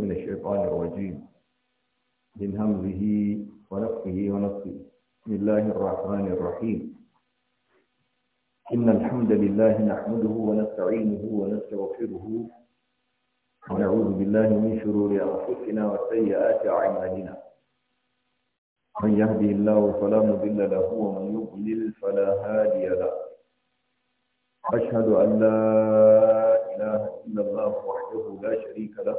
من الشيطان الرجيم من همزه ونفخه ونفخه بسم الله الرحمن الرحيم إن الحمد لله نحمده ونستعينه ونستغفره ونعوذ بالله من شرور أنفسنا وسيئات أعمالنا من يهدي الله فلا مضل له ومن يضلل فلا هادي له أشهد أن لا إله إلا الله وحده لا شريك له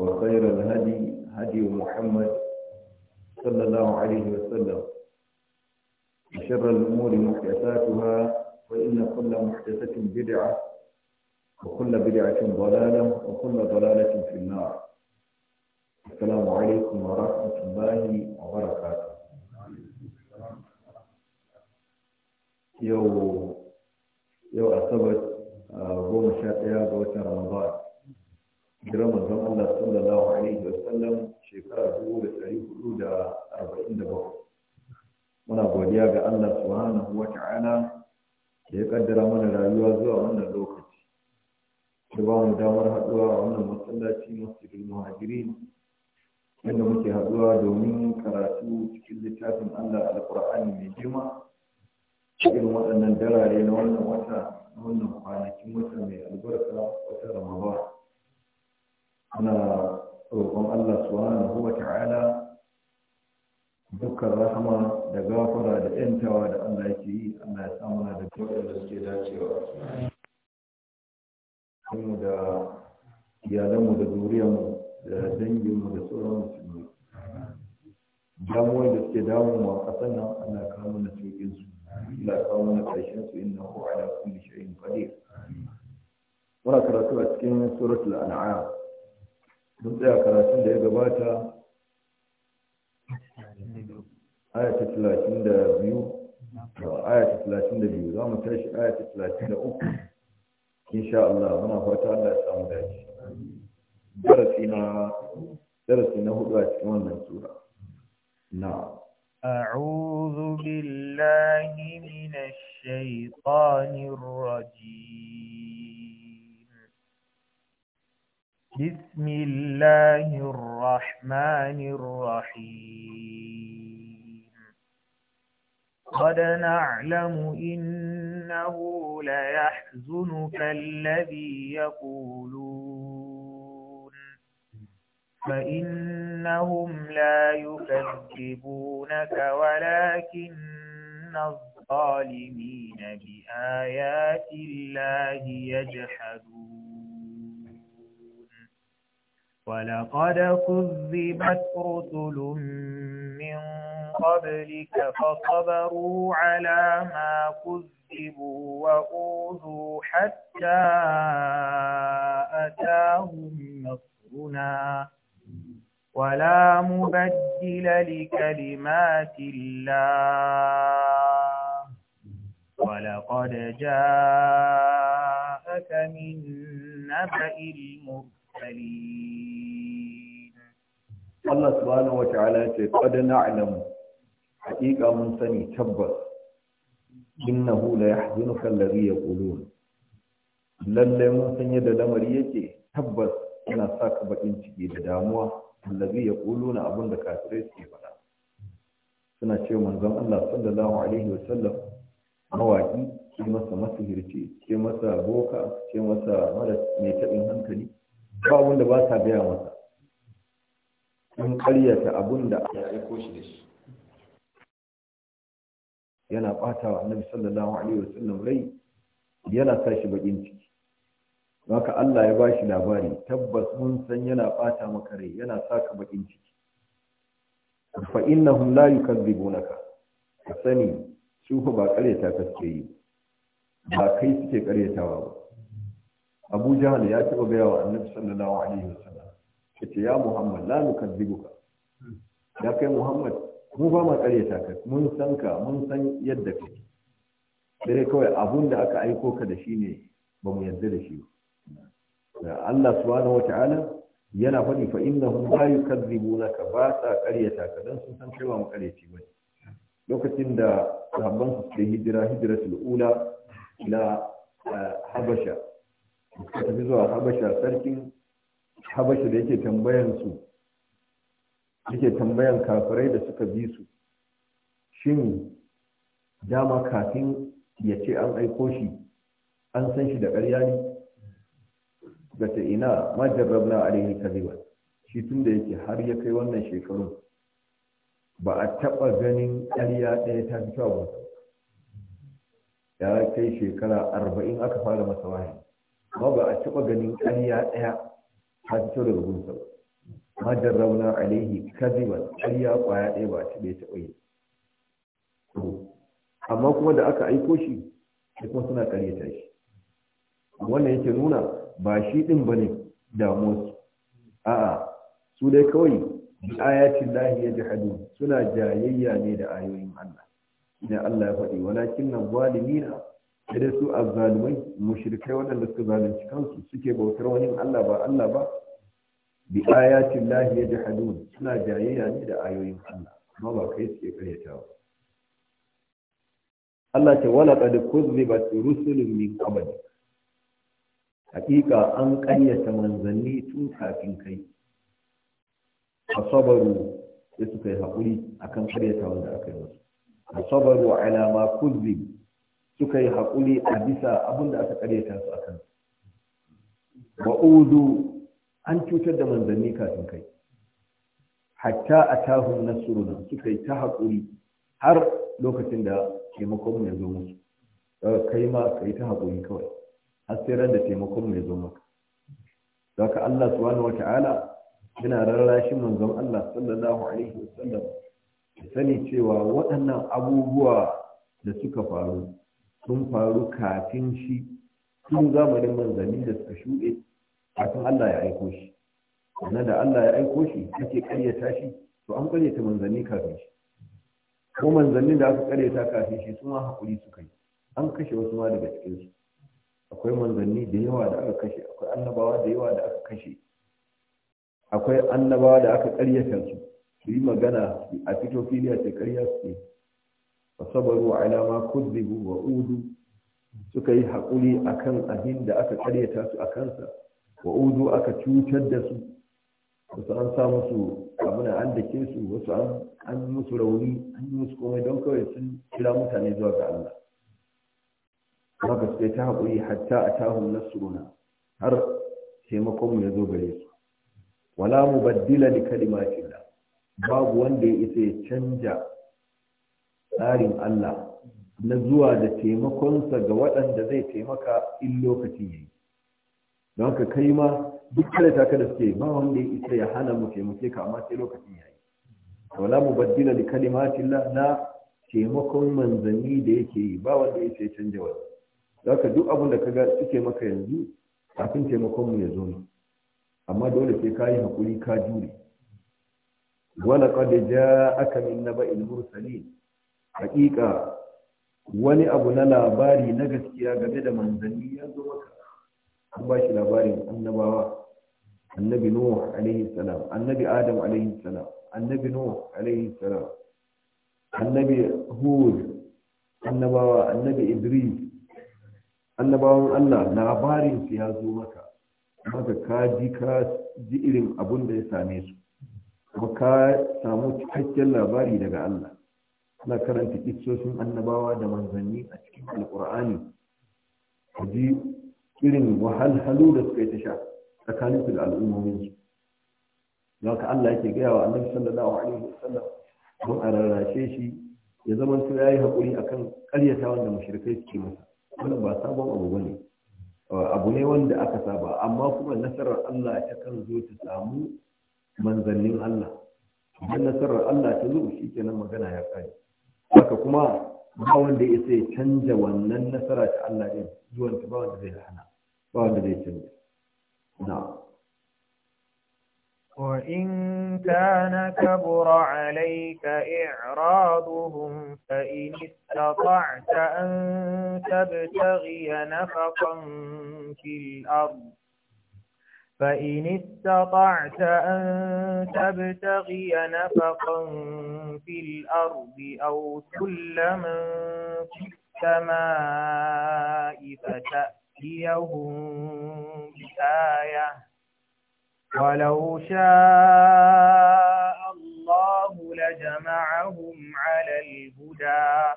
وخير الهدي هدي محمد صلى الله عليه وسلم وشر الأمور محدثاتها وإن كل محدثة بدعة وكل بدعة ضلالة وكل ضلالة في النار السلام عليكم ورحمة ta'ala da ya kaddara mana rayuwa zuwa wannan lokaci da ba mu damar haɗuwa a wannan masallaci masjidul muhajirin inda muke haɗuwa domin karatu cikin littafin Allah alƙur'ani mai jima cikin waɗannan darare na wannan wata na wannan kwanakin wata mai albarka wata ramadan ana roƙon Allah subhanahu wa ta'ala dukkan rahama da gafara da yantawa da Allah yake yi Allah ya samu da kyau da suke dacewa mu da iyalanmu da zuriyarmu da danginmu da sauran musulmi damuwar da suke damu a sannan nan Allah na kawo mana cikin su Allah ya kawo ƙarshen su inna hu ala kulli shay'in qadir muna karatu a cikin suratul an'am mun tsaya karatun da ya gabata الله ما فرق الله سامدش درسنا درسنا هو كمان سورة نعم أعوذ بالله من الشيطان الرجيم بسم الله الرحمن الرحيم قد نعلم إنه ليحزنك الذي يقولون فإنهم لا يكذبونك ولكن الظالمين بآيات الله يجحدون ولقد كذبت رسل من قبلك فصبروا على ما كذبوا وأوذوا حتى أتاهم نصرنا ولا مبدل لكلمات الله ولقد جاءك من نبأ المرسلين المرسلين الله سبحانه mun sani tabbas. حقيقة na hula ya إنه لا يحزنك الذي يقولون lallai mun san yadda lamari yake tabbas yana sa ka baƙin ciki da damuwa allazi ya kulu na abin da su ke faɗa suna ce manzon Allah sallallahu alaihi wa sallam mawaki ce masa masihirci ce masa boka ce masa mara mai taɓin hankali ba wanda ba sa gaya masa sun karyata abun da ya aiko shi da shi yana ɓata wa annabi sallallahu alaihi wasallam rai yana sa shi bakin ciki haka Allah ya bashi labari tabbas mun san yana bata maka rai yana sa ka bakin ciki fa innahum la yukadzibunaka ka sani su ba karyata ta kaskeyi ba kai suke karyatawa ba abu jahal ya taɓa gaya wa annabi sallallahu alaihi wasallam yace ya muhammad la nukadzibuka ya kai muhammad mu ba ma ƙaryata ka mun san ka mun san yadda kake dare kawai abun da aka aiko ka da shi ne ba mu yarda da shi ba Allah subhanahu wata'ala yana faɗi fa innahum la yukadzibunaka ba sa ƙaryata ka dan sun san kai mu ƙaryaci bane lokacin da sahabban su ke hijira hijratul ula ila eh, habasha tafi zuwa habasha sarkin habasha da yake tambayan su yake tambayan kafirai da suka bi su shin dama kafin ya ce an aiko shi an san shi da ƙarya ne ga ta ina ma a alaihi kaziba shi tun da yake har ya kai wannan shekaru. ba a taɓa ganin ƙarya ɗaya ta fi ba ya kai shekara arba'in aka fara masa wahayi amma ba a taɓa ganin ƙarya ɗaya ta fito daga gunsa ba ma jarrauna alaihi kadiban ƙarya ƙwaya ɗaya ba a taɓa taɓa yi amma kuma da aka aiko shi sai kuma suna ƙaryata shi wannan yake nuna ba shi ɗin ba ne damuwarsu a'a su dai kawai bi ayatin lahi ya hadu. suna jayayya ne da ayoyin Allah ne Allah ya faɗi walakin nan zalimina sai su azzalumai mushrikai waɗanda suka zalunci kansu suke bautar wani Allah ba Allah ba bi ayatin lahi ya suna jayayya ne da ayoyin Allah amma ba kai suke karyatawa Allah ce wala qad kuzzibat rusulun min qabl hakika an kayyata manzanni tun kafin kai asabaru sai suka yi hakuri akan karyata wanda aka yi musu asabaru ala ma kuzzib suka yi haƙuri a bisa abin da aka ƙaryata su a kan wa'udu an cutar da manzanni kafin kai hatta a tahun na suka yi ta haƙuri har lokacin da taimakon ya zo musu kai ma ka yi ta haƙuri kawai har sai ran da taimakon ya zo maka za ka Allah subhanahu wata'ala yana rarrashin manzon Allah sallallahu alaihi wasallam sani cewa waɗannan abubuwa da suka faru sun faru kafin shi tun zamanin manzanni da suka shuɗe kafin Allah ya aiko shi na da Allah ya aiko shi ake karyata shi to an karyata manzanni kafin shi ko manzannin da aka karyata kafin shi su ma haƙuri suka yi an kashe wasu ma daga cikin su akwai manzanni da yawa da aka kashe akwai annabawa da yawa da aka kashe akwai annabawa da aka ƙaryata su su yi magana a fito filiya sai karya su fasabaru ala ma kuzzibu wa udu suka yi haƙuri akan abin da aka karyata su a kansa wa udu aka cutar da su wasu an sa musu abin an dake su wasu an musu rauni an yi musu komai don kawai sun kira mutane zuwa ga Allah haka suka ta hakuri hatta a tahun nasruna har taimakonmu ya zo gare su wala mu baddila li kalimatillah babu wanda ya isa ya canja tsarin Allah na zuwa da taimakonsa ga waɗanda zai taimaka in lokacin yayi don ka kai ma duk kare ka da suke ba wanda ya isa ya hana mu taimake ka amma sai lokacin yayi wala da kalimatin la na taimakon manzanni da yake yi ba wanda ya ce canja wani don ka duk abin da ka ga suke maka yanzu kafin taimakon mu ya zo ne amma dole sai ka yi hakuri ka jure wala ja na min ilmur mursalin hakika wani abu na labari na gaskiya game da manzanni ya zo maka an ba shi labarin annabawa annabi nuhu alaihi salam annabi adam alaihi salam annabi nuhu alaihi salam annabi hud annabawa annabi idris annabawan allah labarin su ya zo maka maka ka ji ka ji irin abun da ya same su kuma ka samu cikakken labari daga allah ana karanta kissoshin annabawa da manzanni a cikin alkur'ani a ji irin wahalhalu da suka yi ta sha tsakaninsu da al'ummomin su don ka Allah yake gaya wa annabi sallallahu alaihi wasallam mun a rarrashe shi ya zama yayi hakuri akan ƙaryata wanda mushrikai suke masa wannan ba sabon abu bane abu ne wanda aka saba amma kuma nasarar Allah ta kan zo ta samu manzannin Allah idan nasarar Allah ta zo shikenan magana ya kare haka kuma ba wanda ya sai canja wannan nasara ta Allah din zuwan ta ba wanda zai hana ba wanda zai canja na وإن كان كبر عليك إعراضهم فإن استطعت أن تبتغي نفقا في الأرض فإن استطعت أن تبتغي نفقا في الأرض أو سلما في السماء فتأتيهم بآية ولو شاء الله لجمعهم على الهدى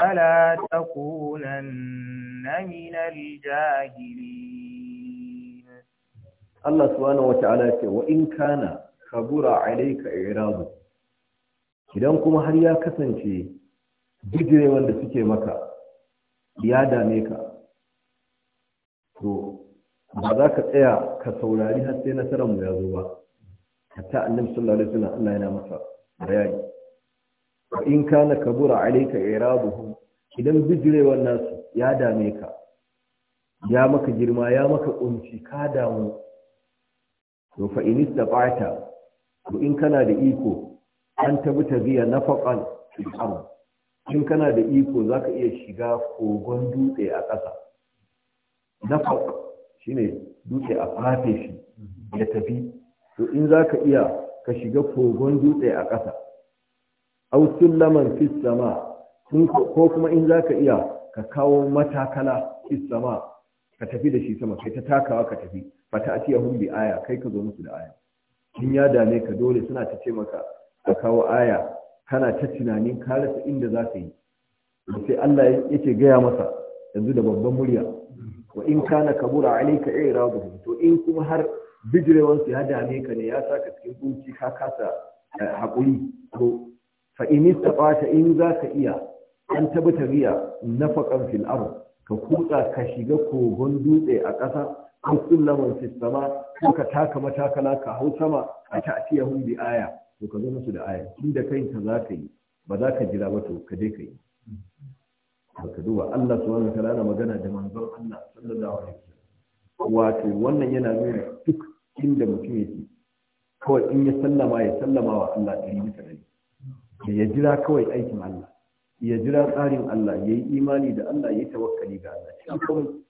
فلا تكونن من الجاهلين Allah subhanahu Ya ce wa in kana kabura alayka i'rabu idan kuma har ya kasance bijire wanda suke maka ya dame ka to ba za ka tsaya ka saurari har sai nasarar mu ya zo ba hatta annabi sallallahu alaihi wasallam Allah yana masa bayani wa in kana kabura alayka i'rabuhum idan bijire wannan ya dame ka ya maka girma ya maka kunci ka damu to fa in istata to in kana da iko an tabi biya nafaqan fil ard in kana da iko zaka iya shiga kogon dutse a ƙasa nafaq shine dutse a fafe shi ya tafi to in zaka iya ka shiga kogon dutse a ƙasa aw sullaman fis sama ko kuma in zaka iya ka kawo matakala fis sama ka tafi da shi sama kai ta takawa ka tafi fata atiyahum bi aya kai ka zo musu da aya in ya dame ka dole suna ta ce maka ka kawo aya kana ta tunanin ka inda za ka yi sai Allah yake gaya masa yanzu da babban murya wa in kana kabura alayka i'raduhum to in kuma har bijirewan su ya dame ka ne ya saka cikin kunci ka kasa eh, hakuri to fa in istata in za ka iya an tabbata riya nafaqan fil ard ka kutsa ka shiga kogon dutse a ƙasa ko kullaman fi sama ko ka taka matakala ka hau sama a ta'tiyahum bi aya to ka zo musu da aya inda kai ka za ka yi ba za ka jira ba to ka je ka yi ka duba Allah subhanahu wa ta'ala magana da manzon Allah sallallahu alaihi wasallam wato wannan yana nuna duk inda mutum yake kawai in ya sallama ya sallama wa Allah ɗari bisa ɗari ya jira kawai aikin Allah ya jira tsarin Allah ya yi imani da Allah ya yi tawakkali ga Allah cikin komai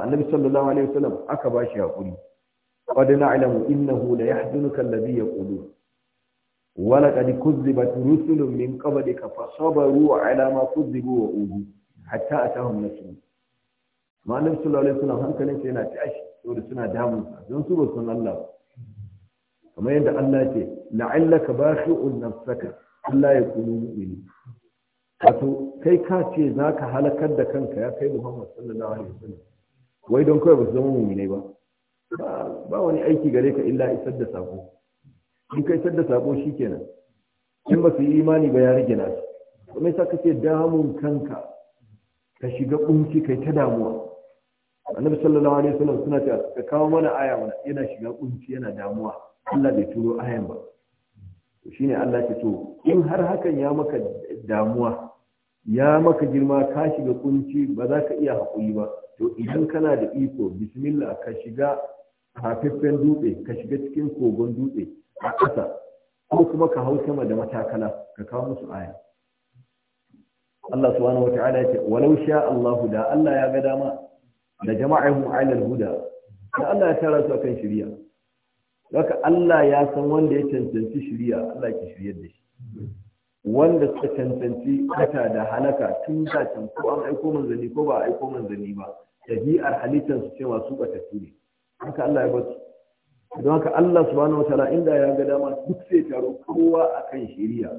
annabi sallallahu alaihi wasallam aka bashi hakuri qad na'lamu innahu la yahzunuka alladhi yaqulu wa laqad kuzibat rusulun min qablika sabaru ala ma kuzibu wa ubu hatta atahum nasr ma annabi sallallahu alaihi wasallam hankalin sa yana tashi saboda suna damun sa don su ba san Allah kamar yadda Allah ce la'allaka bashi'un nafsaka Allah ya kunu mu'mini wato kai ka ce zaka halakar da kanka ya kai Muhammad sallallahu alaihi wasallam wai don kawai ba su zama muminai ba ba wani aiki gare ka illa isar da sako in ka isar da sako kenan in ba su yi imani ba ya rage nasu kuma yasa kake damun kanka ka shiga kunci kai ta damuwa annabi sallallahu alaihi wasallam suna cewa ka kawo mana aya wannan yana shiga kunci yana damuwa Allah bai turo ayan ba shine Allah ya so in har hakan ya maka damuwa ya maka girma ka shiga kunci ba za ka iya haƙuri ba to idan kana da iko bismillah ka shiga hafiffen dutse ka shiga cikin kogon dutse a ƙasa ko kuma ka hau sama da matakala ka kawo musu aya Allah subhanahu wata'ala ya ce walau sha Allah da Allah ya ga dama da jama'ihum ala huda da Allah ya tara su akan shari'a haka Allah ya san wanda ya cancanci shari'a Allah ya shiryar da shi wanda suka cancanci kata da halaka tun da can ko an aiko manzanni ko ba aiko manzanni ba ɗabi'ar halittar su cewa su tafi ne haka Allah ya su don haka Allah subhanahu wa ta'ala inda ya ga dama duk sai taro kowa akan shari'a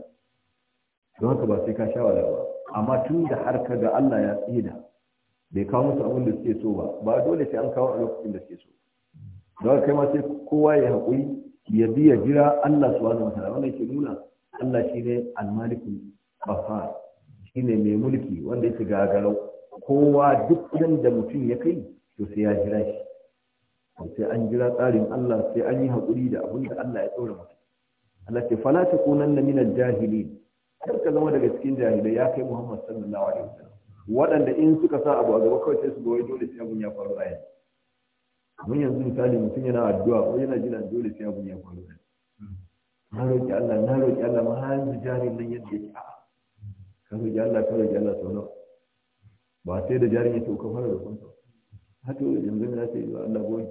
don haka ba sai ka sha wala ba amma tun da har ka ga Allah ya tsida bai kawo musu abin da suke so ba ba dole sai an kawo a lokacin da suke so don haka kai ma sai kowa ya haƙuri ya bi ya jira Allah subhanahu wa ta'ala wannan ke nuna Allah shine al-malikul qahhar shine mai mulki wanda yake gagarau kowa duk nan da mutum ya kai to sai ya jira shi sai an jira tsarin Allah sai an yi haƙuri da abin da Allah ya tsora mutum Allah ce fala ta kunan na minan jahili kar ka zama daga cikin jahilai ya kai Muhammad sallallahu alaihi wasallam waɗanda in suka sa abu a gaba kawai sai su ga wai dole sai abun ya faru a yanzu mun yanzu misali mutum yana addu'a ko yana jira dole sai abun ya faru a na roƙi Allah na roƙi Allah ma har jahilin nan yadda yake a'a ka roƙi Allah ka roƙi Allah sau nawa ba sai da jarin ya sauka fara da kunsa hato yanzu ne sai ya zuwa Allah goyi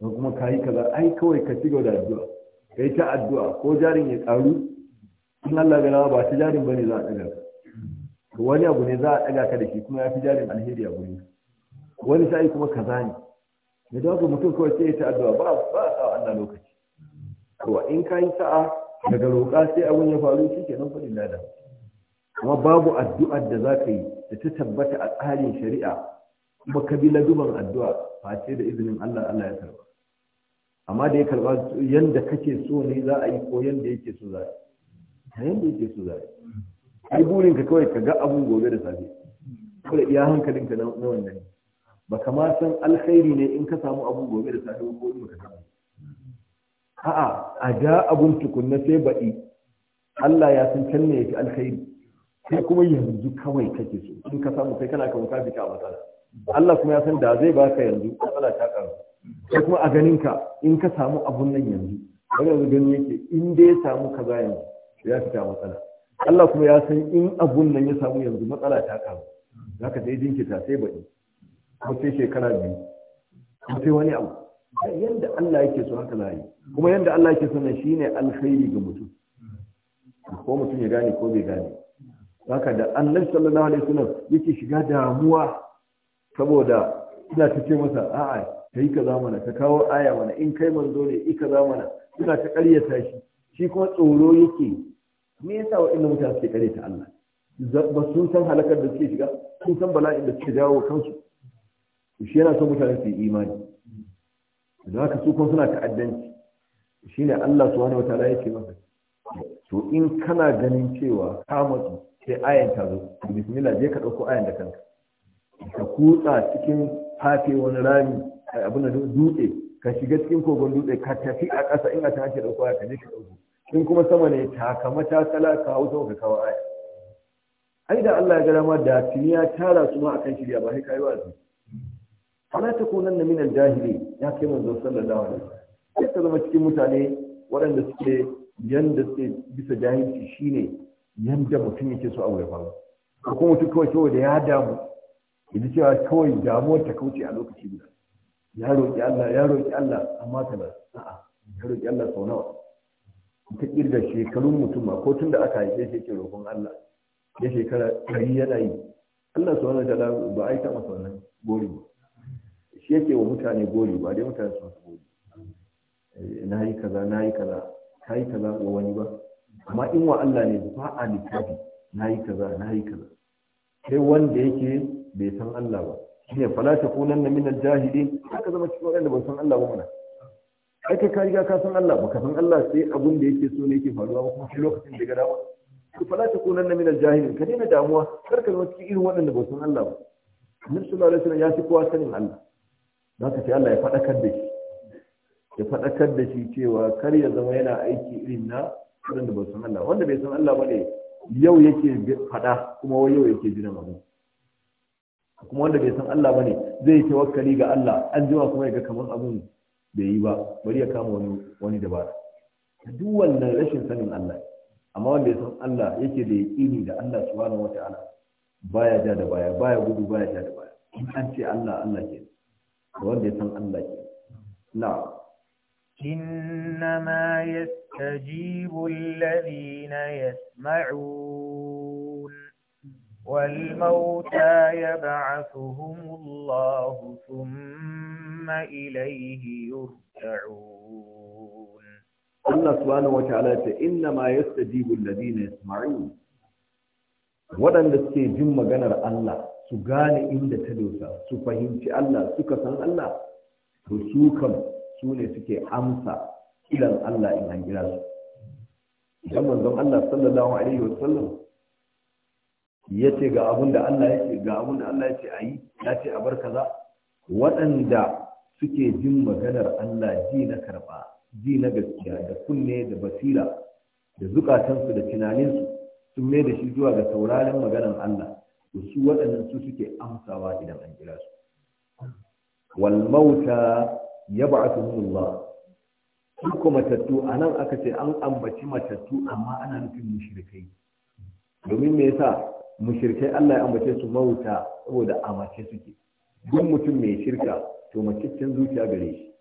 ko kuma ka yi kaza ai kawai ka ci gaba da addu'a Kai ta addu'a ko jarin ya karu in Allah ga ba ta jarin bane za a daga ka wani abu ne za a daga ka da shi kuma ya fi jarin alheri a gurin wani sa'i kuma kaza ne da dawo mutum kawai sai ya ta addu'a ba ba sa Allah lokaci ko in ka yi sa'a daga roƙa sai abun ya faru shi kenan fa da. Kuma babu addu'ar da za ka yi da ta tabbata a tsarin shari'a kuma ka bi zuban addu'a face da izinin Allah Allah ya karba amma da ya karba yanda kake so ne za a yi ko yanda yake so za a yi yanda yake so za a yi ai burin ka kawai ka ga abun gobe da safe da iya hankalinka na wannan ba kama san alkhairi ne in ka samu abun gobe da safe ko in ka samu a'a a ga abun tukunna sai baɗi Allah ya san can ne fi alkhairi sai kuma yanzu kawai kake so in ka samu kai kana kawo kafi ka matsala Allah kuma ya san da zai baka yanzu matsala ta karu sai kuma a ganin ka in ka samu abun nan yanzu wani yanzu gani yake in dai ya samu kaza yanzu ya fita matsala Allah kuma ya san in abun nan ya samu yanzu matsala ta karu za ka sai jinkita sai baɗi ko sai shekara biyu ko sai wani abu yanda Allah yake so haka za yi kuma yanda Allah yake so nan shine alkhairi ga mutum ko mutum ya gane ko bai gane haka da annabi sallallahu alaihi wasallam yake shiga damuwa saboda ina ta ce masa a'a kai ka mana ka kawo aya mana in kai manzo ne i kaza mana ina ta ƙaryata shi shi kuma tsoro yake me yasa waɗannan mutane suke ƙaryata Allah ba sun san halakar da suke shiga sun san bala'in da suke jawo kansu shi yana son mutane su yi imani da haka su kuma suna ta'addanci ne Allah subhanahu ta'ala yake masa to in kana ganin cewa ka matsu sai ayan ta zo bismillah je ka dauko ayan da kanka ka kutsa cikin fafe wani rami abin da dutse ka shiga cikin kogon dutse ka tafi a ƙasa in a ta ake ɗauko ayan ka je ka dauko in kuma sama ne ta sala ka hau ka kawo aya ai da Allah ya ga dama da tuniya tara su ma akan shirya ba sai kayi ko nan min al jahili ya kai zo sallallahu alaihi wasallam sai ka zama cikin mutane waɗanda suke yanda suke bisa jahilci shine yadda mutum yake so abu ya faru ko kuma mutum kawai saboda ya damu yaji cewa kawai damuwar ta kauce a lokaci guda ya roƙi Allah ya roƙi Allah amma ta na a'a ya roƙi Allah sau nawa ta kirga shekarun mutum ma ko tun da aka haife shi ke roƙon Allah ya shekara ɗari yana yi Allah sau nawa da ba a yi taɓa sau gori ba shi yake wa mutane gori ba dai mutane su gori eh, na yi kaza na yi kaza ka yi kaza wa wani ba amma in wa Allah ne ba a littafi na yi kaza na yi kaza sai wanda yake bai san Allah ba shine fala ta kunan na minan jahilin haka zama cikin wanda ba san Allah ba mana ai kai ka riga ka san Allah ba ka san Allah sai abun da yake so ne yake faruwa ba kuma shi lokacin da ga dawo to fala ta kunan na minan jahilin ka daina damuwa kar ka zama cikin irin waɗanda ba san Allah ba Annabi sallallahu alaihi wasallam ya fi kowa sanin Allah zaka ce Allah ya faɗakar da shi ya faɗakar da shi cewa kar ya zama yana aiki irin na wanda ba san Allah wanda bai san Allah ba ne yau yake faɗa kuma wai yau yake jin abu kuma wanda bai san Allah ba ne zai yi tawakkali ga Allah an jima kuma ga kamar abun bai yi ba bari ya kama wani wani dabara duk wannan rashin sanin Allah amma wanda ya san Allah yake da yaqini da Allah subhanahu wataala baya ja da baya baya gudu baya ja da baya in an ce Allah Allah ke wanda ya san Allah ke na'am إنما يستجيب الذين يسمعون والموتى يبعثهم الله ثم إليه يرجعون الله سبحانه وتعالى إنما يستجيب الذين يسمعون waɗanda suke jin maganar Allah su gane inda ta dosa su fahimci Allah suka san Allah to su kan su ne suke amsa kiran Allah in an kira su idan manzon Allah sallallahu alaihi wasallam ya ce ga abin da Allah ya ce ga abin da Allah ya ce a yi ya ce a bar kaza waɗanda suke jin maganar Allah ji na karɓa ji na gaskiya da kunne da basira da zukatansu da tunaninsu sun mai da shi zuwa ga sauraron maganar Allah to su waɗannan su suke amsawa idan an kira su wal mauta Ya ba su tattu matattu anan aka ce an ambaci matattu amma ana nufin mushirkai domin me yasa mushirkai Allah ya ambace su mauta saboda a mace suke duk mutum mai shirka to maciccin zuciya gare shi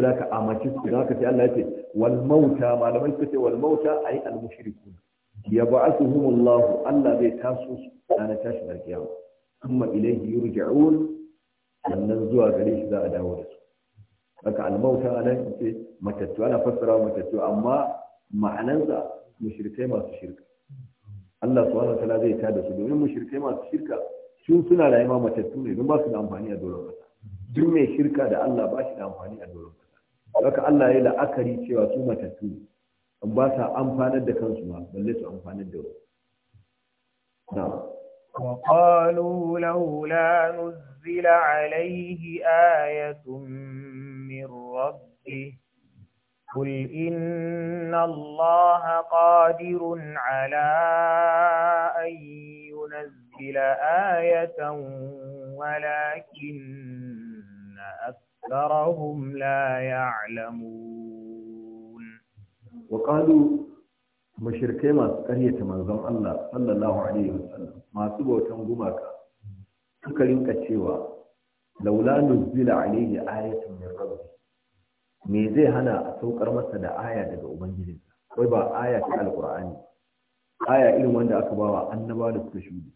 da ka a mace suke don haka ce Allah ya ce wal mauta malamai suka ce wal mauta ay al mushrikun yab'athuhumullahu Allah zai taso su tashi tashin kiyama amma ilaihi yurja'un sannan zuwa gare shi za a dawo da haka almauta nan ce matattu ana fassara wa matattu amma ma'anansa mushrikai masu shirka Allah subhanahu wa ta'ala zai da su domin mushrikai masu shirka su suna rayuwa matattu ne don ba su da amfani a doron kasa duk mai shirka da Allah ba shi da amfani a doron kasa haka Allah ya la'akari cewa su matattu ne ba sa amfanar da kansu ma balle su amfanar da wasu وقالوا لولا نزل عليه آية من ربه قل إن الله قادر على أن ينزل آية ولكن أكثرهم لا يعلمون وقالوا mashirkai masu ƙaryata manzon Allah sallallahu Alaihi wasallam masu bautan gumaka suka rinka cewa laula nuzila alayhi ayatun min rabbi me zai hana a saukar masa da aya daga ubangijinsa wai ba aya ta alqur'ani aya irin wanda aka bawa annabawa da suka shuɗe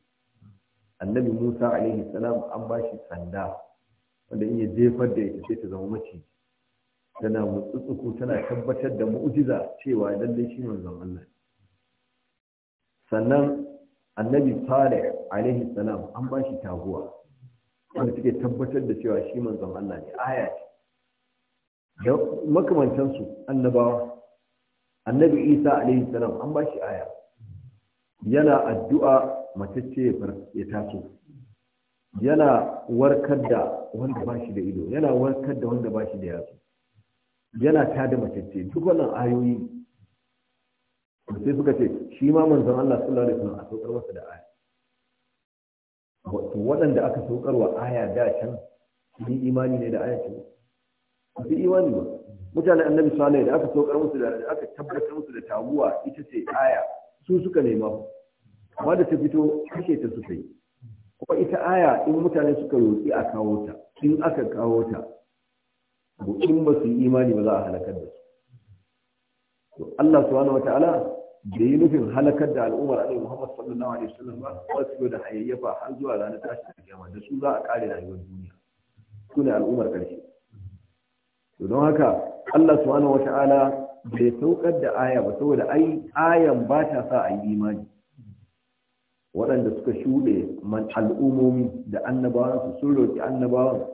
annabi Musa alayhi salam an bashi sanda wanda in ya jefar da ita sai ta zama mace tana mutsutsuku tana tabbatar da mu'jiza cewa lallai shi ne zan Allah sannan annabi Salih alayhi salam an bashi taguwa wanda suke tabbatar da cewa shi manzon Allah ne aya ce da su annabawa annabi isa alaihi salam an ba shi aya yana addu'a ce ya taso yana warkar da wanda ba shi da ido yana warkar da wanda ba shi da yatsu yana mace ce duk wannan ayoyi sai suka ce shi ma manzon Allah sallallahu alaihi wasallam a saukar masa da aya waɗanda aka saukar wa aya da can sun imani ne da aya ce ba su imani ba Mutane annabi su da aka saukar musu da aka tabbatar musu da taguwa ita ce aya su suka nema amma da ta fito kashe ta suka yi kuma ita aya in mutane suka roƙi a kawo ta in aka kawo ta in ba su yi imani ba za a halakar da su Allah subhanahu ta'ala da yi nufin halakar da al'ummar alaihi muhammad sallallahu alaihi wasallam ba ba su da hayayyafa har zuwa ranar tashin kiyama da su za a kare rayuwar duniya su ne al'ummar karshe to don haka Allah subhanahu wata'ala bai saukar da aya ba saboda ai ayan ba ta sa a yi imani waɗanda suka shuɗe man al'umomi da annabawan su sun roƙi annabawan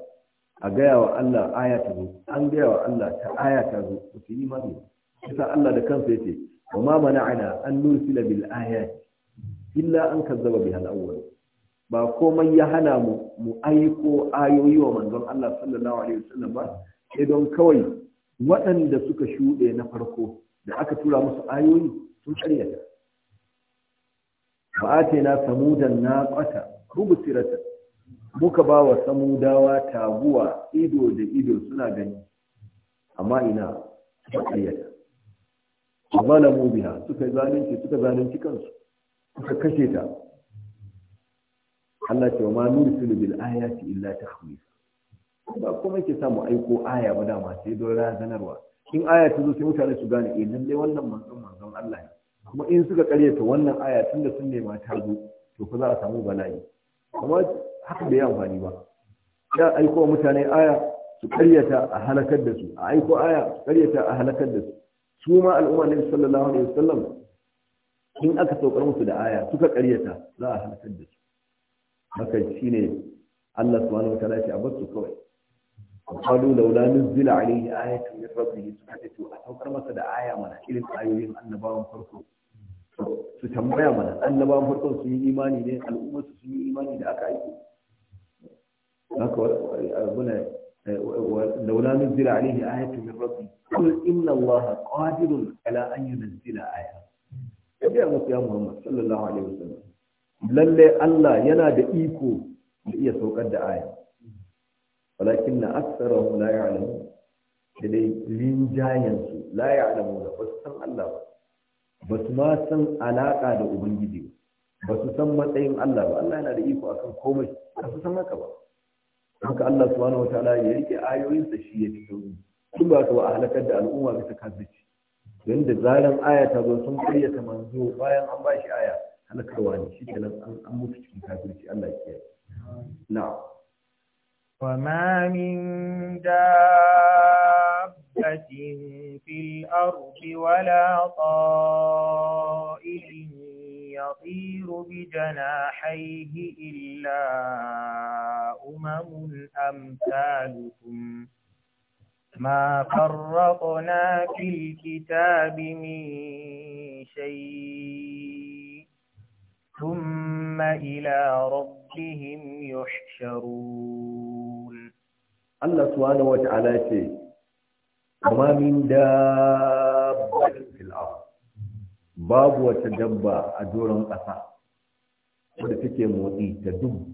a gaya wa Allah aya ta zo an gaya wa Allah ta aya ta zo su yi imani kisa Allah da kansa yace wa ma mana'ana an nursila bil ayati illa an kazzaba biha al ba komai ya hana mu aiko ayoyi wa manzon Allah sallallahu alaihi wasallam ba sai don kawai waɗanda suka shuɗe na farko da aka tura musu ayoyi sun karyata ba a ce na samudan na ƙwata rubusirata muka ba wa samudawa taguwa ido da ido suna gani amma ina suka karyata zalamu biha suka zalunci suka zalunci kansu suka kashe ta Allah ce wa ma nursilu bil ayati illa takhwif ba kuma yake samu aiko aya ba dama sai don razanarwa in aya ta zo sai mutane su gane eh lalle wannan manzon manzon Allah ne kuma in suka karyata wannan aya tunda sun nema ta zo to fa za a samu bala'i amma haka bai amfani ba ya aiko mutane aya su karyata a halakar da su a aiko aya su karyata a halakar da su su ma al'umma ne sallallahu alaihi wasallam in aka saukar musu da aya suka karyata za a halakar da su haka shine Allah subhanahu wa ta'ala ya ce a basu kawai qalu laula nuzila alayhi ayatun min rabbih suka ce to a saukar masa da aya mana irin ayoyin annabawan farko su tambaya mana annabawan farkon sun yi imani ne al'ummar su sun yi imani da aka aiki haka muna laula nuzila alaihi ayatu min rabbi qul inna allaha qadirun ala an yunzila aya kaje mu ya muhammad sallallahu alaihi wasallam lalle allah yana da iko da iya saukar da aya walakin na aksarahum la ya'lamun da dai linjayen su la ya'lamun ba su san allah ba ba su ma san alaka da ubangiji ba su san matsayin allah ba allah yana da iko akan komai ba su san haka ba haka Allah subhanahu wa ta'ala ya rike ayoyin da shi ya fi sauri tun ba wa halakar da al'umma bisa kafirci don da zaran aya ta zo sun ta manzo bayan an ba shi aya halakarwa ne shi nan an mutu cikin kafirci Allah ya kiyaye na'am وما من دابة في الأرض ولا طائر يطير بجناحيه إلا أمم أمثالكم ما فرطنا في الكتاب من شيء ثم إلى ربهم يحشرون الله سبحانه وتعالى وما من دابة في الأرض babu wata dabba a doron ƙasa wadda take motsi ta dubu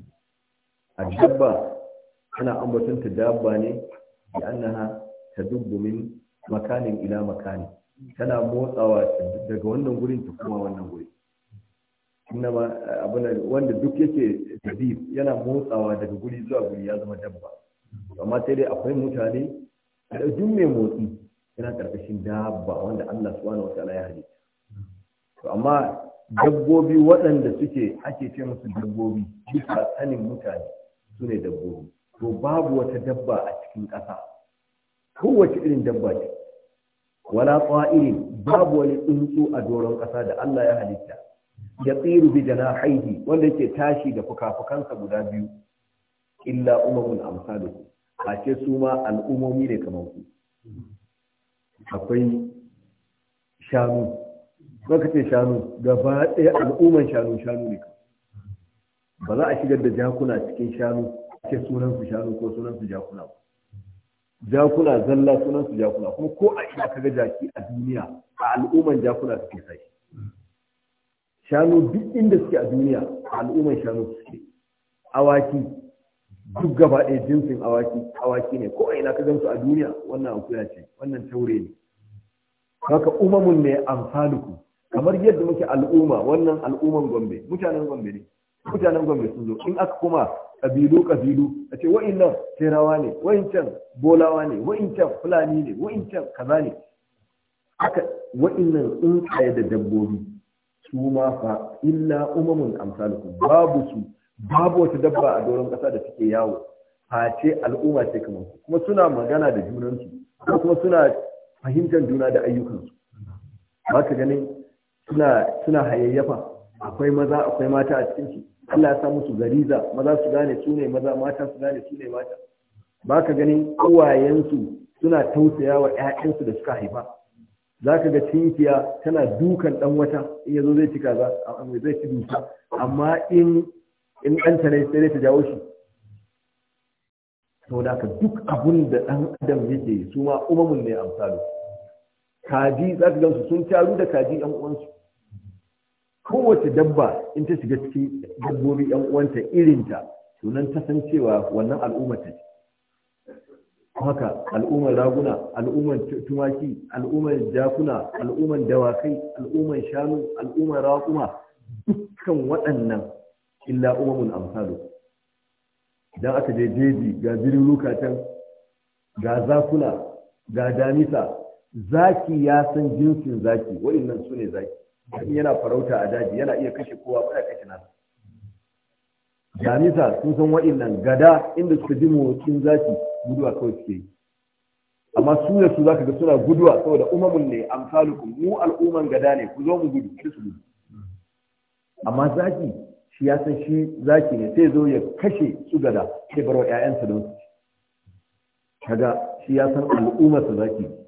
a dabba ana ambaton ta dabba ne da annaha ta dubu min makanin ila makani tana motsawa daga wannan gurin ta kuma wannan guri inama abin wanda duk yake tabib yana motsawa daga guri zuwa guri ya zama dabba amma sai dai akwai mutane da jumme mai motsi yana karkashin dabba wanda Allah subhanahu wataala ya halitta to amma dabbobi waɗanda suke ake ce musu dabbobi bisa sanin mutane su ne dabbobi to babu wata dabba a cikin ƙasa kowace irin dabba ce wala ƙwa'irin babu wani tsuntsu a doron ƙasa da Allah ya halitta ya tsiru bi na haihi wanda yake tashi da fuka-fukansa guda biyu illa umamun amsalukum a ce su ma al'umomi ne kamar ku akwai shanu baka ce shanu gaba ɗaya al'umman shanu shanu ne ba za a shigar da jakuna cikin shanu ke sunan su shanu ko sunan su jakuna jakuna zalla sunan su jakuna kuma ko a ina kaga jaki a duniya a al'umman jakuna suke sai shanu duk inda suke a duniya a al'umman shanu suke awaki duk gaba ɗaya jinsin awaki awaki ne ko a ina ka gansu a duniya wannan akuya ce wannan taure ne haka umamun ne ku. kamar yadda muke al'umma wannan al'umman gombe mutanen gombe ne mutanen gombe sun zo in aka kuma kabilu kabilu a ce wa'innan terawa ne wa'incan bolawa ne wa'incan fulani ne wa'incan kaza ne aka wa'innan tsaye da dabbobi su ma fa illa umamun amsalu babu su babu wata dabba a doron kasa da suke yawo ce al'umma ce kamar su kuma suna magana da junansu kuma suna fahimtar juna da ayyukansu ba ka ganin suna suna hayayyafa akwai maza akwai mata a cikin su Allah ya sa musu gariza maza su gane su ne maza mata su gane su ne mata ba ka ganin uwayensu suna tausaya wa ƴaƴansu da suka haifa za ka ga cinkiya tana dukan ɗan wata in yazo zai ci kaza zai ci dusa amma in in ɗanta ne sai ta jawo shi da ka duk abun da ɗan adam yake su ma umamun ne amsalu kaji za ka gansu sun taru da kaji yan uwansu kowace dabba in ta shiga cikin dabbobi yan uwanta irinta sunan ta san cewa wannan al'umma ta ce haka al'ummar raguna al'ummar tumaki al'ummar jakuna al'ummar dawakai al'ummar shanu al'ummar raƙuma dukkan waɗannan illa umamun amsalu idan aka je jeji ga birnin lokacin ga zakuna ga damisa zaki ya san jinsin zaki waɗannan su ne zaki in yana farauta a daji yana iya kashe kowa ba ya kashe nasa jamisa sun san waɗannan gada inda suka ji motsin zaki guduwa kawai suke yi amma su da su za ka ga suna guduwa saboda umamun ne amsalukum mu al'umman gada ne ku zo mu gudu ki su gudu amma zaki shi ya san shi zaki ne sai zo ya kashe su gada sai baro 'ya'yansa don su kaga shi ya san al'ummar zaki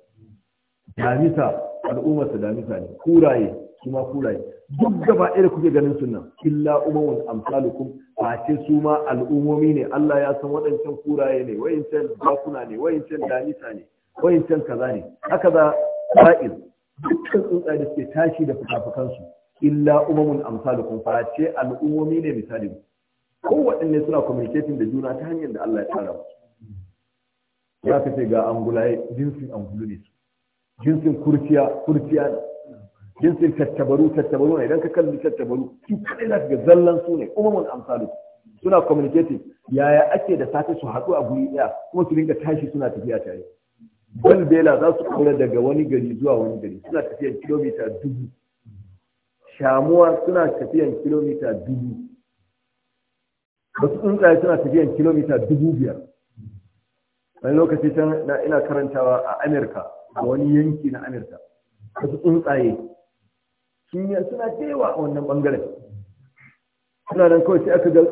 damisa al'ummar su damisa ne kuraye su ma kuraye duk gaba ɗaya da kuke ganin sunan illa umamun amsalukum ba ce su ma al'ummomi ne Allah ya san waɗancan kuraye ne wayancan bakuna ne wayancan damisa ne wayancan kaza ne haka za fa'il dukkan tsuntsaye da suke tashi da fukafukansu illa umamun amsalukum fa ce al'ummomi ne misali kowaɗanne suna communicating da juna ta hanyar da Allah ya tsara musu ya kace ga angulaye jinsin angulu ne su jinsin kurciya kurciya ne jinsin tattabaru tattabaru ne idan ka kalli tattabaru su kadai za ka ga zallan su ne umumin amsalu suna communicating yaya ake da safe su haɗu a guri ɗaya kuma su dinga tashi suna tafiya tare bal bela za su kura daga wani gari zuwa wani gari suna tafiyan kilomita dubu shamuwa suna tafiyan kilomita dubu wasu tsuntsaye suna tafiyan kilomita dubu biyar wani lokaci can ina karantawa a amurka a wani yanki na amurka wasu tsuntsaye sun yi suna ta a wannan bangaren suna nan kawai sai aka ga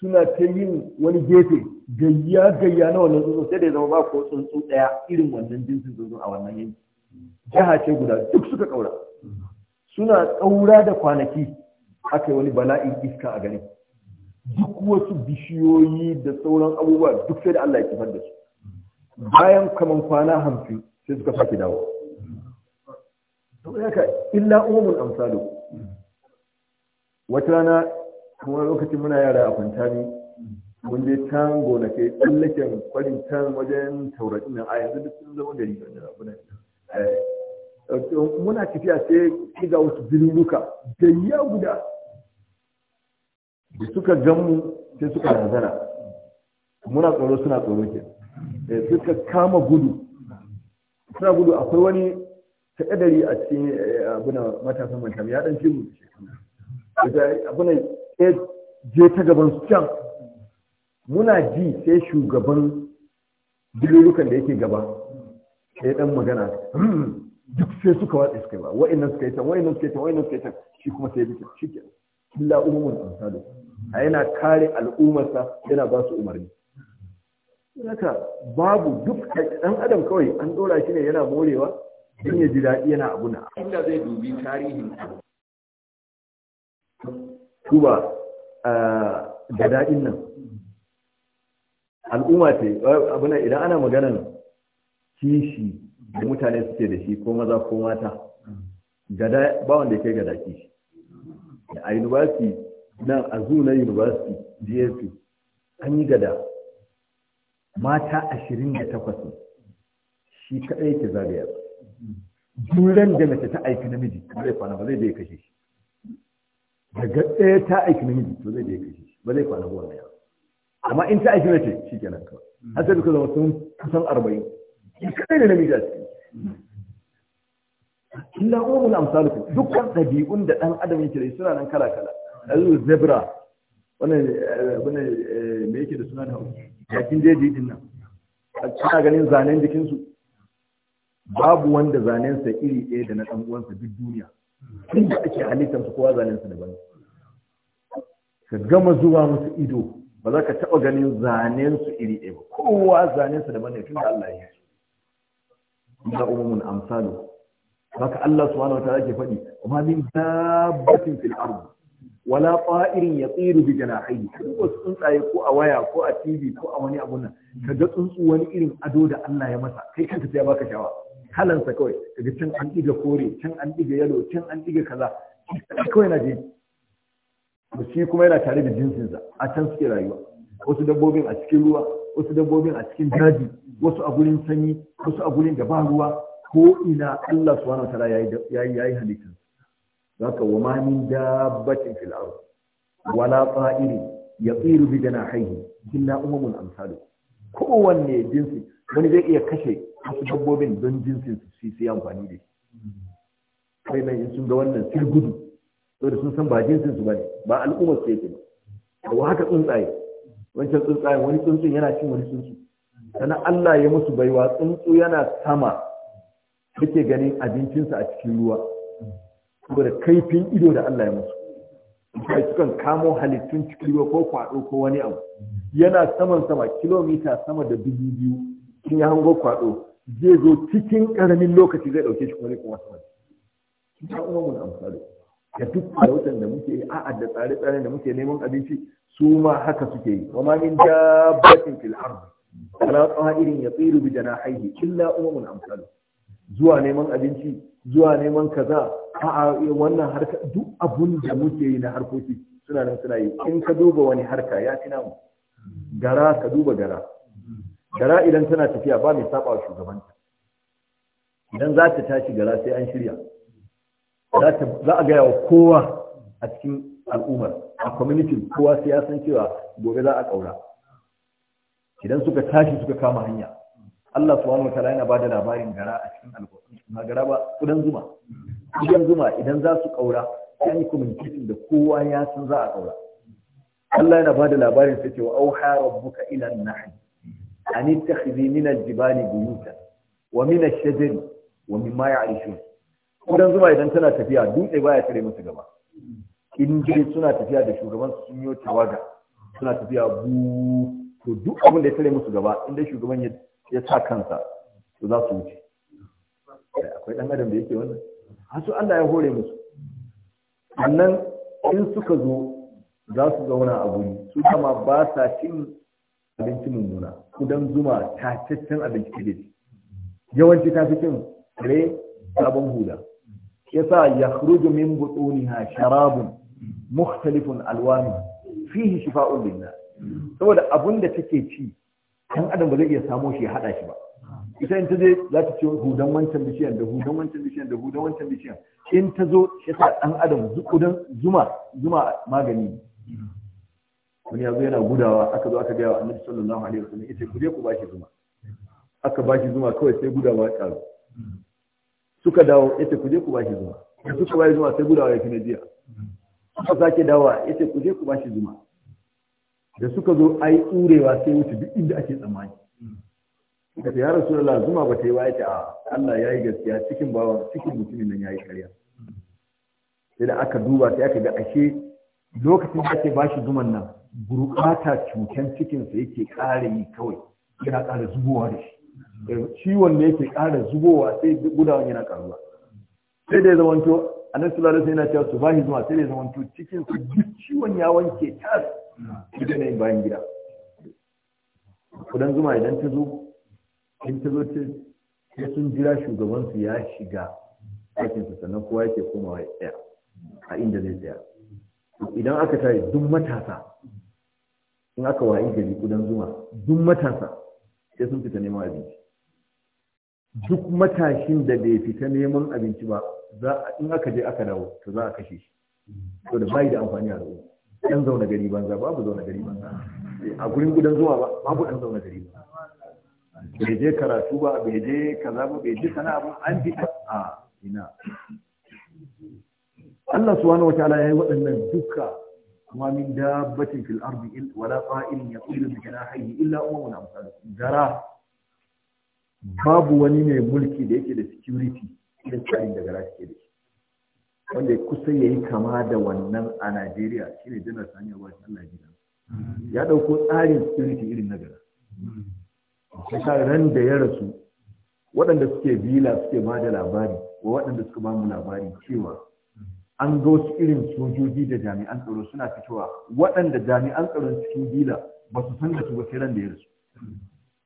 suna ta yin wani gefe gayya gayya na wannan tsuntsun sai da ya zama ba ko tsuntsu ɗaya irin wannan jinsin tsuntsun a wannan yanki jiha ce guda duk suka ƙaura suna ƙaura da kwanaki aka yi wani bala'in iska a garin duk wasu bishiyoyi da sauran abubuwa duk sai da Allah ya kifar da su bayan kaman kwana hamsin sai suka sake dawo to haka illa umul amsalu wata rana kuma lokacin muna yara a ne mun je can ke tsallaken kwarin can wajen taurari nan a yanzu sun zama gari eh, muna tafiya sai kiga wasu birnuka da ya guda da suka gamu sai suka razana muna tsoro suna tsoro ke eh, suka kama gudu suna gudu akwai wani takadari a cikin eh, abuna matasan mantam ya dan ce mu shekara abuna je ta gaban su can muna ji sai shugaban dililukan da yake gaba sai dan magana hmm, duk sai suka watsa suka ba wa'annan suka yi can wa'annan suka yi can wa'annan suka yi can shi kuma sai bisa shi ke illa umumin amsalu a yana kare al'ummarsa yana ba su umarni haka babu duk ɗan adam kawai an ɗora shi ne yana morewa don ya ji daɗi yana abuna inda zai dubi tarihin kuba da daɗin nan al'umma ce abuna idan ana maganan kishi da mutane suke da shi ko maza ko mata gada ba wanda ya kai gada kishi a university nan a zuna university dsp an yi gada mata ashirin da takwas shi kaɗai ke zagaya duran da mace ta aiki namiji ba zai kwana ba zai zai kashe shi daga ɗaya ta aiki namiji to zai zai kashe shi ba zai kwana ba ya amma in ta aiki mace shi kenan kawai har sai duka zama sun kusan arba'in shi kaɗai ne namiji a ciki illa umul amsalukum dukkan dabi'un da dan adam yake da suna nan kala kala yanzu zebra wannan eh, wannan eh, me yake da suna da hausa jakin jeji din nan kana ganin zanen jikinsu babu wanda zanen sa iri ɗaya da na ɗan uwansa duk duniya tun da ake halittar su kowa zanensa daban ka gama zuwa musu ido ba za ka taɓa ganin zanen su iri ɗaya ba kowa zanen sa daban ne tun da Allah ya yi ina umumun amsalu haka Allah subhanahu wa ta'ala ke faɗi wa min dabbatin fil ardh wala fa'irin ya tsiru bi janahi duk wasu tsuntsaye ko a waya ko a TV ko a wani abun nan kaga tsuntsu wani irin ado da Allah ya masa kai kanka sai baka shawa halansa kawai kaga can an diga kore can an diga yalo can an diga kaza kawai na je shi kuma yana tare da jinsin sa a can suke rayuwa wasu dabbobin a cikin ruwa wasu dabbobin a cikin daji wasu a gurin sanyi wasu a gurin da ba ruwa ko ina Allah subhanahu ta'ala yayi yayi halittar zaka wa ma min dabbatin fil ard wala ta'iri yatiru bi janahihi illa umamun amsalu kowanne jinsi wani zai iya kashe wasu dabbobin don jinsin su su yi amfani da shi kai nan sun ga wannan sun gudu saboda sun san ba jinsin su bane ba al'ummar su yake ba to haka tsuntsaye wancan tsuntsayen wani tsuntsun yana cin wani tsuntsu sannan Allah ya musu baiwa tsuntsu yana sama yake ganin abincinsa a cikin ruwa saboda kaifin ido da Allah ya musu kai sukan kamo halittun cikin ruwa ko kwado ko wani abu yana saman sama kilomita sama da dubu biyu kin ya hango kwado zai zo cikin karamin lokaci zai dauke shi kuma kuma sama ya kuma mun amfani da duk farautan da muke yi a'a da tsare-tsaren da muke neman abinci su ma haka suke yi wa ma min dabbatin fil ardi ala qa'irin yatiru bi janahihi illa umamun amsalu zuwa neman abinci zuwa neman kaza a'a wannan harka duk abun da muke yi na harkoki suna nan suna yi in ka duba wani harka ya fi namu gara ka duba gara gara idan tana tafiya ba mai saba wa shugabanta idan za ta tashi gara sai an shirya za a gaya wa kowa a cikin al'umma a kwamitin kowa sai ya san cewa gobe za a ƙaura idan suka tashi suka kama hanya Allah subhanahu wa ta'ala yana bada labarin gara a cikin alƙur'ani ba gara ba kudan zuma kudan zuma idan za su ƙaura sai yi communication da kowa ya san za a kaura Allah yana bada labarin sai ce wa auha rabbuka ila an-nahl an ittakhidhi min al-jibali buyutan wa min ash-shajari wa mimma ya'rishun kudan zuma idan tana tafiya dutse baya tare mata gaba in dai suna tafiya da shugaban su sun yi tawaga suna tafiya bu to duk abin da ya tare musu gaba inda shugaban ya ya sa kansa to za su wuce akwai ɗan adam da yake wannan har su Allah ya hore musu sannan in suka zo za su zauna a guri su kama ba sa cin abinci mummuna kudan zuma tacaccen abinci kake ci yawanci ta fi kare sabon huda yasa yakhruju min butuniha sharabun mukhtalifun alwani fihi shifa'un linnas saboda abun da take ci kan adam ba zai iya samo shi ya haɗa shi ba ita in ta je za ta ce hudan wancan bishiyan da hudan wancan bishiyan da hudan wancan bishiyan in ta zo ya sa ɗan adam zukudan zuma zuma magani wani ya zo yana gudawa aka zo aka gaya wa annabi sallallahu alaihi wasallam yace ku je ku bashi zuma aka bashi zuma kawai sai gudawa ya karu suka dawo yace ku je ku bashi zuma suka bashi zuma sai gudawa ya fi na jiya suka sake dawa yace ku je ku bashi zuma da suka zo ai tsurewa sai wuce duk inda ake tsammani suka ce ya rasulullah zuma ba ta yi waye a ah, Allah ya yi gaskiya cikin bawa cikin mutumin nan ya yi karya sai da aka duba sai aka ga ashe lokacin da ake bashi zuman nan gurɓata cutan cikinsa yake ƙara yi kawai yana ƙara zubowa da shi ciwon da yake ƙara zubowa sai gudawan yana ƙaruwa sai da ya zamanto a nan sulala sai yana cewa su bashi zuma sai da ya zamanto cikinsa duk ciwon ya wanke tas ita ne bayan gida kudan zuma idan ta zo in ta zo ce ya sun jira shugabansu ya shiga aikinsa sannan kowa yake komawa ya a inda zai tsaya idan aka tare duk matasa in aka wayi gari kudan zuma duk matasa sai sun fita neman abinci duk matashin da bai fita neman abinci ba in aka je aka dawo to za a kashe shi to da bai da amfani a al'umma ɗan zauna gari banza babu zauna gari banza a gurin gudan zuwa ba babu ɗan zauna gari ba bai je karatu ba bai je kaza ba bai je sana'a ba an ba, a ina Allah subhanahu ta'ala yayi waɗannan dukka, kuma min dabbatin fil ardi wala qa'ilin yaqilu bi janahihi illa umamun amsalu zara babu wani mai mulki da yake da security irin tsarin da gara da shi wanda kusa ya yi kama da wannan a najeriya shine janar sanya wa shi allah ya ɗauko tsarin security irin na gara kusa ran da ya rasu waɗanda suke bila suke ba da labari wa waɗanda suka ba mu labari cewa an ga wasu irin sojoji da jami'an tsaro suna fitowa waɗanda jami'an tsaron cikin bila ba su san da su ba sai ran da ya rasu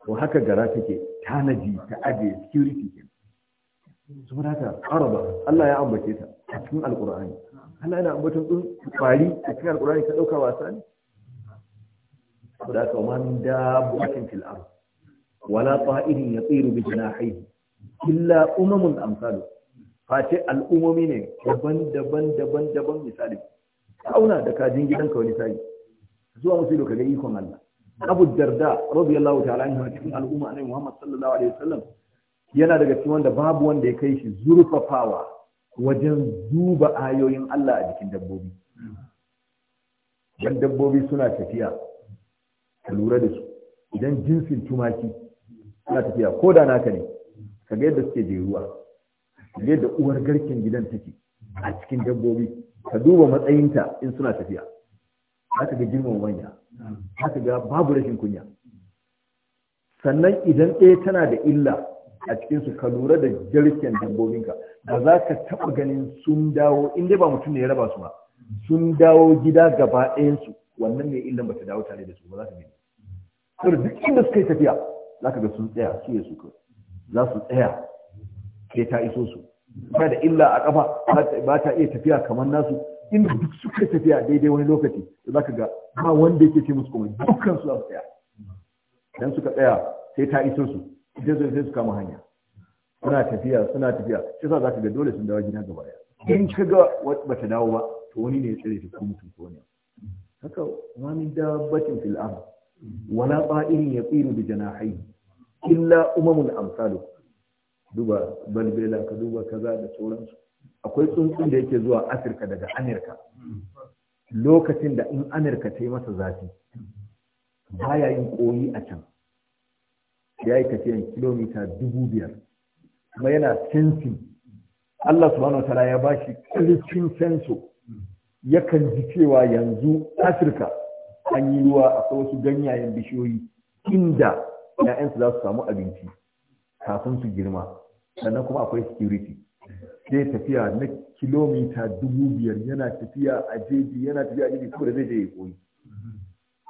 to haka gara take tanaji ta ajiye security ke saboda haka araba Allah ya ambace ta a cikin alkur'ani Allah yana ambaton tsun kwari a cikin alkur'ani ta dauka wasa ne ko da ma min dabbatin fil ard wala ta'irin yatiru bi haihu. illa umamun amsalu face al'umomi ne daban daban daban daban misali auna da kajin gidanka wani sai zuwa musu da kaga ikon Allah Abu Darda radiyallahu ta'ala anhu cikin al'umma annabi Muhammad sallallahu alaihi wasallam yana daga cikin wanda babu wanda ya kai shi zurfafawa wajen duba ayoyin Allah a jikin dabbobi Idan dabbobi suna tafiya ka lura da su idan jinsin tumaki suna tafiya ko da naka ne ka ga yadda suke jeruwa ka ga yadda uwar garken gidan take a cikin dabbobi ka duba matsayinta in suna tafiya haka ga girman manya haka ga babu rashin kunya sannan idan ɗaya tana da illa a cikinsu ka lura da garken dabbobinka ba za ka taɓa ganin sun dawo in dai ba mutum ne ya raba su ba sun dawo gida gaba ɗayansu wannan ne illan ba ta dawo tare da su ba za ka gani saboda duk inda suka yi tafiya za ka ga sun tsaya su ya su za su tsaya sai ta iso su ba da illa a kafa ba ta iya tafiya kamar nasu inda duk suka tafiya daidai wani lokaci za ka ga ba wanda yake ce musu kuma dukkan su za su tsaya dan suka tsaya sai ta iso su sai sai su kama hanya suna tafiya suna tafiya shi za ka ga dole sun dawo gida ga baya. in ka ga ba ta dawo ba to wani ne ya tsare ta ko mutum ko ne haka wani dabbatin fil ard wala qa'irin da bi janahihi illa umamul amsalu duba balbela ka duba kaza da sauransu akwai tsuntsun da yake zuwa afirka daga amerika lokacin da in Amurka ta yi masa zafi baya yin koyi a can ya yi tafiyan kilomita dubu biyar kuma yana sensin Allah subhanahu wa ta'ala ya ba shi ƙarfin senso yakan ji cewa yanzu Afirka an yi ruwa kawo wasu ganyayen bishiyoyi inda ‘ya'yansu za su samu abinci kafin su girma sannan kuma akwai security sai tafiya na kilomita dubu biyar yana tafiya a jeji yana tafiya a jeji kuma da zai je ya koyi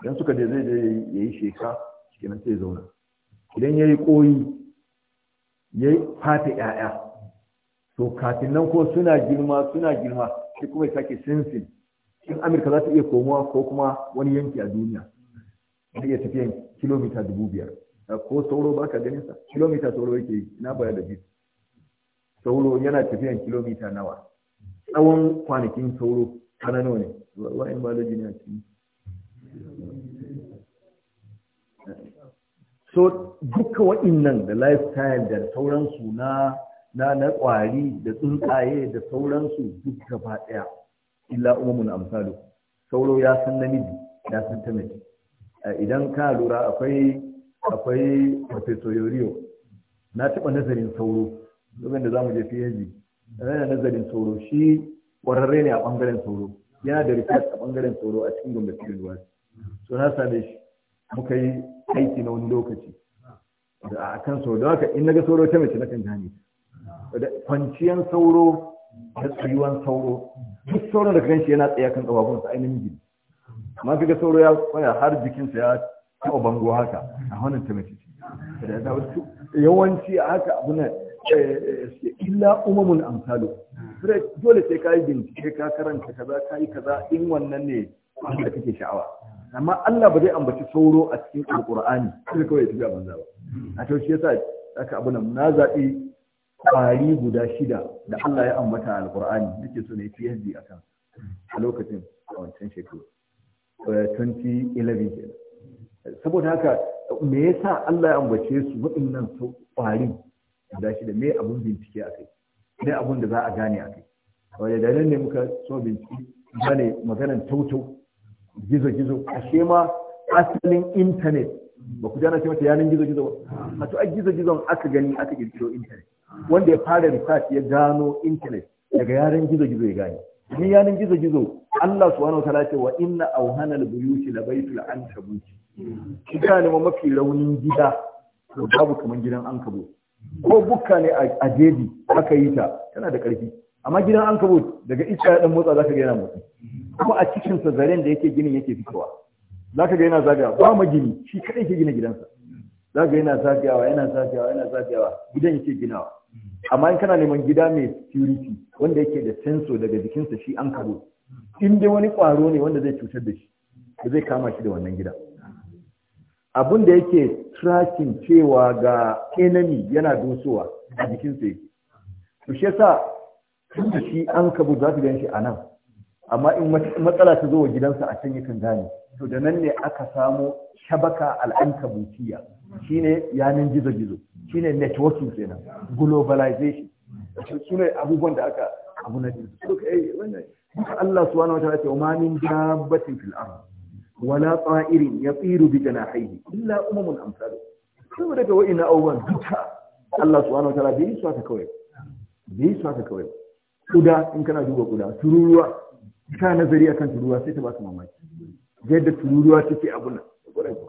idan suka je zai je ya yi sheka kenan sai zauna idan ya yi koyi ya yi fata ‘ya'ya to kafin nan ko suna girma suna girma shi kuma ya sake sinsin in amurka za ta iya komowa ko kuma wani yanki a duniya wani iya tafiyan kilomita dubu biyar ko sauro ba ka ganin sa kilomita sauro yake yi na baya da biyu sauro yana tafiyan kilomita nawa tsawon kwanakin sauro kana nawa ne wa'in ba da jini a cikin so duka wa'innan da lifestyle da sauransu na na na ƙwari da tsuntsaye da sauransu duk gaba daya illa umamun amsalu sauro ya san namiji ya san ta mace idan ka lura akwai akwai professor yorio na taɓa nazarin sauro lokacin da za je PhD yana nazarin sauro shi ƙwararre ne a ɓangaren sauro yana da research a ɓangaren sauro a cikin gwamnati ruwa so na same shi muka yi aiki na wani lokaci da a kan sauro haka in naga sauro ta mace kan gane da kwanciyan sauro da tsayuwan sauro duk sauron da kan shi yana tsaye kan kafafunsa ainihin gidi amma ga sauro ya tsaya har jikinsa ya taɓa bango haka a wannan ta mace yawanci haka abu na eh, eh, eh, illa umamun amsalu dole sai ka yi bincike ka karanta kaza ka yi kaza in wannan ne da kake sha'awa amma Allah ba zai ambaci sauro a cikin alkur'ani sai kawai ya tafi a banza ba a taushe yasa aka abu nan na zaɓi kwari guda shida da Allah ya ambata a alkur'ani nake so ne PhD a kan a lokacin a wancan shekaru 2011 eh, saboda haka me yasa Allah ya ambace su waɗannan sau kwarin guda shida me abun bincike a kai me abun da za a gane a kai wanda da nan ne muka so bincike gane maganar tautau gizo-gizo a ma asalin intanet ba ku jana ce mata gizo-gizo ba a gizo-gizon aka gani aka kirkiro intanet wanda ya fara research ya gano intanet daga yaren gizo-gizo ya gani. ni yanin gizo-gizo Allah subhanahu wa ta'ala ce wa inna awhana al-buyuti la baytul ankabut kika ne mafi raunin gida to babu kaman gidan ankabut ko bukka ne a jeji aka yi ta tana da karfi amma gidan ankabut daga iska ya dan motsa zaka ga yana motsi kuma a cikin sa zaren da yake ginin yake fitowa zaka ga yana zagawa ba ma gini shi kadai yake gina gidansa zaka yana zagawa yana zagawa yana zagawa gidan yake ginawa amma in kana neman gida mai security wanda yake da sensor daga jikinsa shi an karo in dai wani kwaro ne wanda zai cutar da shi ba zai kama shi da wannan gida abun da yake tracking cewa ga enemy yana dosowa a jikinsa yake to shi yasa tun da shi an kabu za ta gan shi a nan amma in matsala ta zo wa gidansa a can yakan gane to da nan ne aka samo shabaka al'ankabutiya shine yanin gizo-gizo shine networking kenan globalization su ne abubuwan da aka abu na jinsu suka yi wannan duka Allah subhanahu wataala ce ma min dabbatin fil ard wala ta'irin yatiru bi janahihi illa umamun amsalu saboda ga wa'ina abubuwan duka Allah subhanahu wataala bai yi su kawai bai yi su kawai kuda in kana duba kuda tururuwa ta nazari kan tururuwa sai ta ba su mamaki yadda tururuwa take abun nan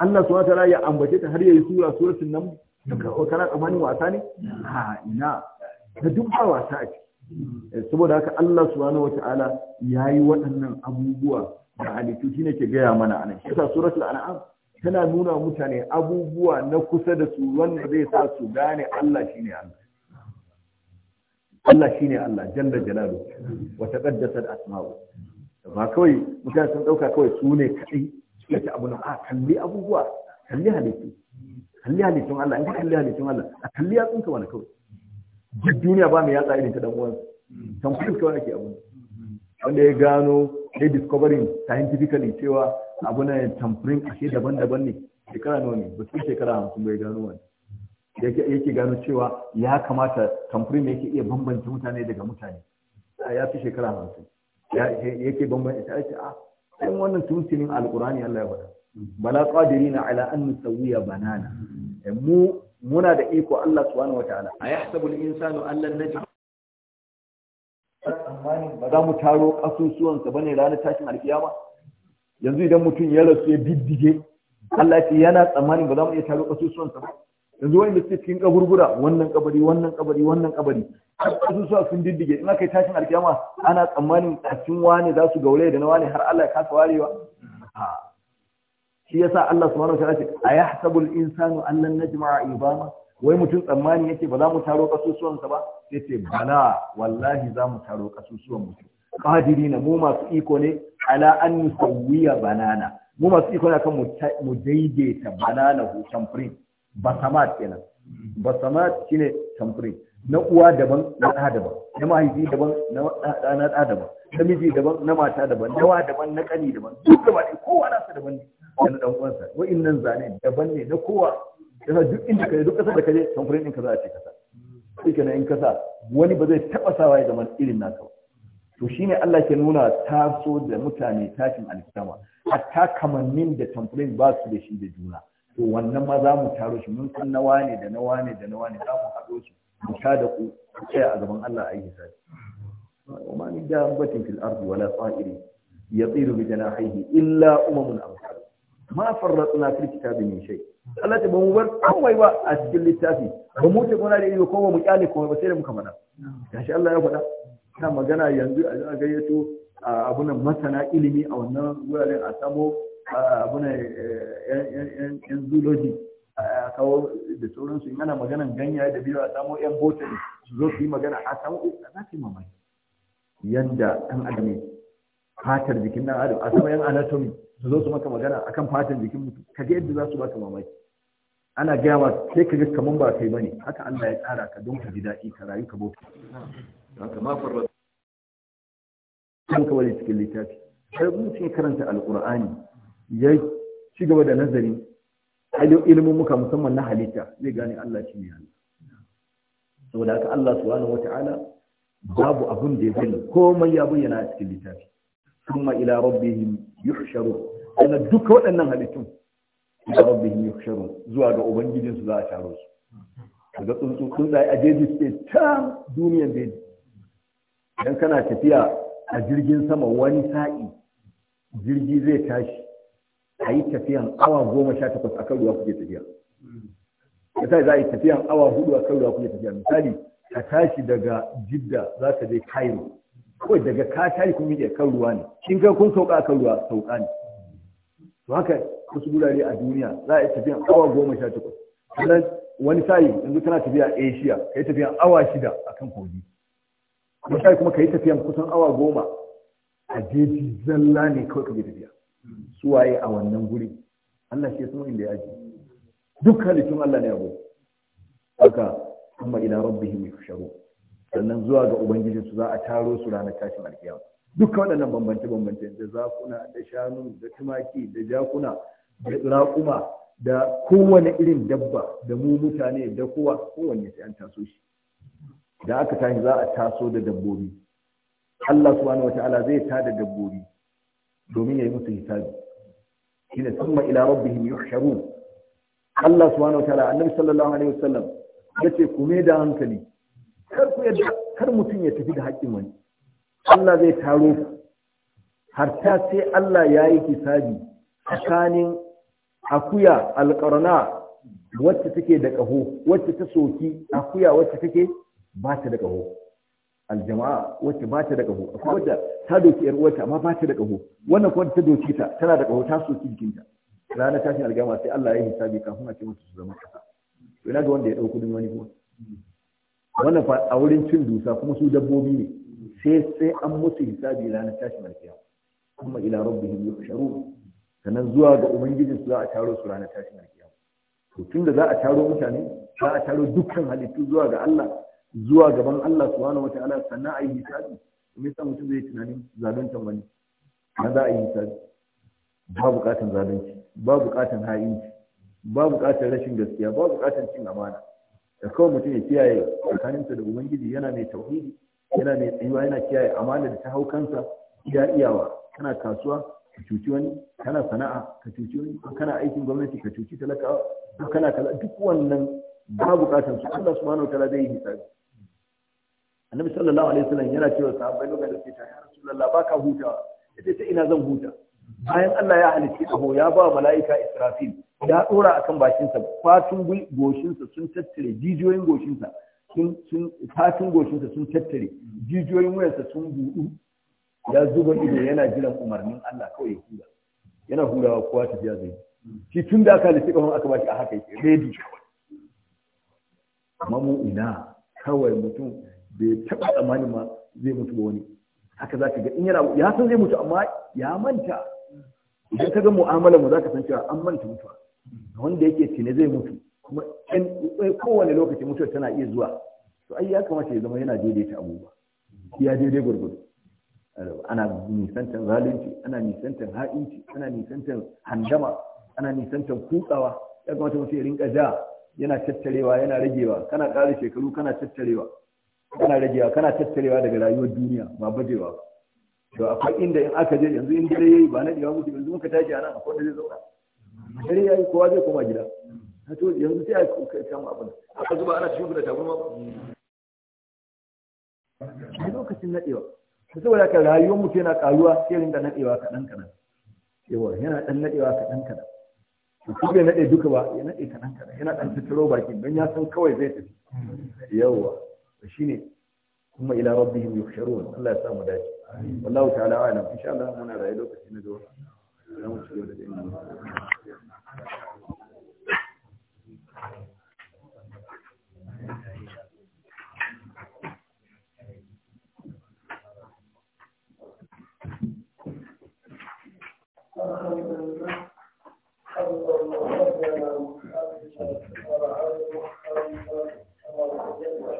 Allah su wata ya ambace ta har yayi sura suratul nan duka kana tsammanin wasa ne ha ina da duk ba wasa a eh, saboda haka Allah subhanahu wataala yayi waɗannan abubuwa da halittu shine ke gaya mana anan shi yasa suratul an'am tana nuna mutane abubuwa na kusa da su wanda zai sa su gane Allah shine Allah Allah shine Allah jalla jalalu wa taqaddasat asma'u ba kawai mutane sun dauka kawai su ne kadai suke ta abu na a kalli abubuwa kalli halittu kalli halittun Allah in ka kalli halittun Allah a kalli ya ka wani kawai duk duniya ba mai yatsa irin ta dan uwansa kan kuɗin kawai ake abu wanda ya gano ya discovering scientifically cewa abu na tamfirin ashe daban-daban ne shekara nawa ne ba su shekara hamsin ya gano wani yake gano cewa ya kamata kamfuri mai yake iya bambance mutane daga mutane ya fi shekara hamsin yake bambance a ce a ah, ɗan wannan tuntunin alƙurani Allah ya faɗa bala na ala an nusawiya banana eh, mu muna da iko Allah subhanahu wataala ayahsabu al-insanu an lan naj'a ba za mu taro kasusuwansa bane ranar tashin alkiyama yanzu idan mutum ya rasu ya diddige Allah ce yana tsammanin ba za mu iya taro sa ba yanzu wanda suke cikin kaburbura wannan kabari wannan kabari wannan kabari su suwa sun diddige in aka yi tashin alkiyama ana tsammanin kacin wani za su gaure da na wane har Allah ya kasa warewa shi yasa Allah subhanahu wataala ce hasabul insanu an lan najma'a ibama wai mutum tsammani yake ba za mu taro kasusuwansa ba sai ce bala wallahi za mu taro kasusuwan mutum qadirina mu masu iko ne ala an nusawwiya banana mu masu iko ne kan mu daidaita banana ko tamfrin basamat kenan basamat shine tamfure na uwa daban na ɗa daban na mahaifi daban na ɗa na ɗa daban na miji daban na mata daban na wa daban na ƙani daban duk gaba ɗaya kowa nasa daban ne da na ɗan uwansa wa'innan zane daban ne na kowa yasa duk inda ka duk ƙasar da ka je tamfurin ɗin ka za a ce kasa sai kenan in kasa wani ba zai taɓa sawa ya zama irin naka ba to shine Allah ke nuna taso da mutane tashin a hatta kamannin da tamfurin ba su da shi da juna to wannan ma za mu taro shi mun san nawa ne da nawa ne da nawa ne za mu haɗo shi mu sha da ku ku tsaya a gaban Allah a yi sai وما من دابة في الأرض ولا طائر يطير بجناحيه illa أمم أمثال ما فرطنا في الكتاب من شيء Allah ta bamu bar kawai ba a cikin littafi ba mu ce kuna da ido ko mu kyale kuma ba sai da muka mana gashi Allah ya faɗa ta magana yanzu a gayyato a abunan masana ilimi a wannan wuraren a samo abuna eh, yan zoology a kawo da sauransu in ana maganan ganyaye da biyu a samo yan botany su zo su yi magana a samo a za su yi mamaki yanda ɗan adam ne fatar jikin ɗan adam a samo yan anatomy su zo su maka magana a kan fatar jikin mutum ka ga yadda za su baka mamaki ana gaya ma sai ka ga kaman ba kai bane haka Allah ya tsara ka don ka ji daɗi ka rayu ka bauta haka ma farra kan kawai cikin littafi sai mun ce karanta alqur'ani ya ci gaba da nazari ilimin muka musamman na halitta zai gane Allah shi ne Allah saboda haka Allah subhanahu wata'ala babu abin da ya zai komai ya bayyana a cikin littafi kuma ila rabbihim yuhsharu ana duka waɗannan halittun ila rabbihim yuhsharu zuwa ga ubangijinsu za a taro su daga tsuntsu zai a jeji suke ta duniyan jeji idan kana tafiya a jirgin sama wani sa'i jirgi zai tashi a yi tafiyan awa goma sha takwas a kan ruwa kuke tafiya yasa za a yi tafiyan awa hudu a kan ruwa kuke tafiya misali ka tashi daga jidda za ka je cairo kawai daga ka tashi kun miƙe kan ruwa ne in kai kun sauka a kan ruwa sauka ne to haka wasu gurare a duniya za a yi tafiyan awa goma sha takwas sannan wani sa'i yanzu kana tafiya a asia ka yi tafiyan awa shida a kan kogi sa'i kuma ka yi tafiyan kusan awa goma a jeji zalla ne kawai ka je tafiya suwaye a wannan guri Allah shi sun inda ya ji duk halittun Allah ne a guri haka rabbi ila sannan zuwa ga ubangijin su za a taro su ranar tashin alkiya duk waɗannan bambance bambance da zakuna da shanu da tumaki da jakuna da raƙuma da kowane irin dabba da mu mutane da kowa kowanne sai an taso shi da aka tashi za a taso da dabbobi Allah subhanahu ta'ala zai tada dabbobi domin ya yi musu hisabi shi ne summa ila rabbihim yuhsharun Allah subhanahu wataala annabi sallallahu alaihi wasallam yace ku me da hankali kar ku yadda kar mutum ya tafi da haƙƙin wani Allah zai taro har ta sai Allah ya yi hisabi tsakanin akuya alƙarna wacce take da ƙaho wacce ta soki akuya wacce take ba ta da ƙaho aljama'a wacce ba ta da ƙaho akwai wadda ta doki yar uwarta amma ba ta da ƙaho wannan kuma ta doki ta tana da ƙaho ta soki jikinta ranar tashin aljama'a sai Allah ya yi hisabi kafin a ce musu su zama ƙasa to ina ga wanda ya ɗauki kudin wani kuma wannan fa a wurin cin dusa kuma su dabbobi ne sai sai an musu hisabi ranar tashin alkiyama kuma ila rabbihim yuhsharun sannan zuwa ga ubangijin su za a taro su ranar tashin alkiyama to tun da za a taro mutane za a taro dukkan halittu zuwa ga Allah zuwa gaban Allah subhanahu wataala sannan a yi hisabi me yasa mutum zai tunanin zaluntan wani na za a yi hisabi ba bukatan zalunci ba bukatan ha'inci ba bukatan rashin gaskiya ba bukatan cin amana da kawai mutum ya kiyaye tsakaninsa da ubangiji yana mai tauhidi yana mai tsayuwa yana kiyaye amana da ta hau kansa ya iyawa kana kasuwa ka cuci wani kana sana'a ka cuci wani ko kana aikin gwamnati ka cuci talakawa ko kana kaza duk wannan ba bukatan su Allah subhanahu wataala zai yi hisabi annabi sallallahu alaihi wasallam yana cewa sahabbai lokacin da suke ta ya rasulullah baka hutawa yace ta ina zan huta bayan Allah ya halicci abu ya ba mala'ika Israfil ya dora akan bakinsa fatun goshinsa sun tattare jijiyoyin goshinsa sun sun fatun sa sun tattare jijiyoyin sa sun budu ya zuba ido yana jiran umarnin Allah kawai hura yana hurawa kowa ta zai shi tun da aka halicci kafin aka bashi a haka yake ready amma mu ina kawai mutum bai taɓa tsammani ma zai mutu ba wani haka za ka ga in yana ya san zai mutu amma ya manta idan ka ga mu'amalar mu za ka san cewa an manta mutuwa wanda yake tine zai mutu kuma in eh, kowane lokaci mutuwar tana iya zuwa to ai ya kamata ya zama yana daidaita abubuwa ya daidai gurgudu ana nisantan zalunci ana nisantan ha'inci ana nisantan handama ana nisantan kutsawa ya kamata mutum ya rinka ja yana tattarewa yana ragewa kana ƙara shekaru kana tattarewa kana ragewa kana tattarewa daga rayuwar duniya ba bajewa to akwai inda in aka je yanzu in dare yayi ba na dewa mutu yanzu muka tashi a nan akwai da zai zauna dare yayi kowa zai koma gida Na to yanzu sai a samu abin aka zuba ana cikin da tabarma a lokacin nadewa ta saboda ka rayuwar mutu yana karuwa sai rinka nadewa kaɗan kaɗan yawa yana ɗan nadewa kaɗan kaɗan ko bai nade duka ba ya nade kaɗan kaɗan yana ɗan tattaro bakin don ya san kawai zai tafi yawa فشيني هم إلى ربهم يحشرون الله يسلم ذلك والله تعالى أعلم إن شاء الله هم هنا رأي لوك سنة دور Allah'a emanet olun.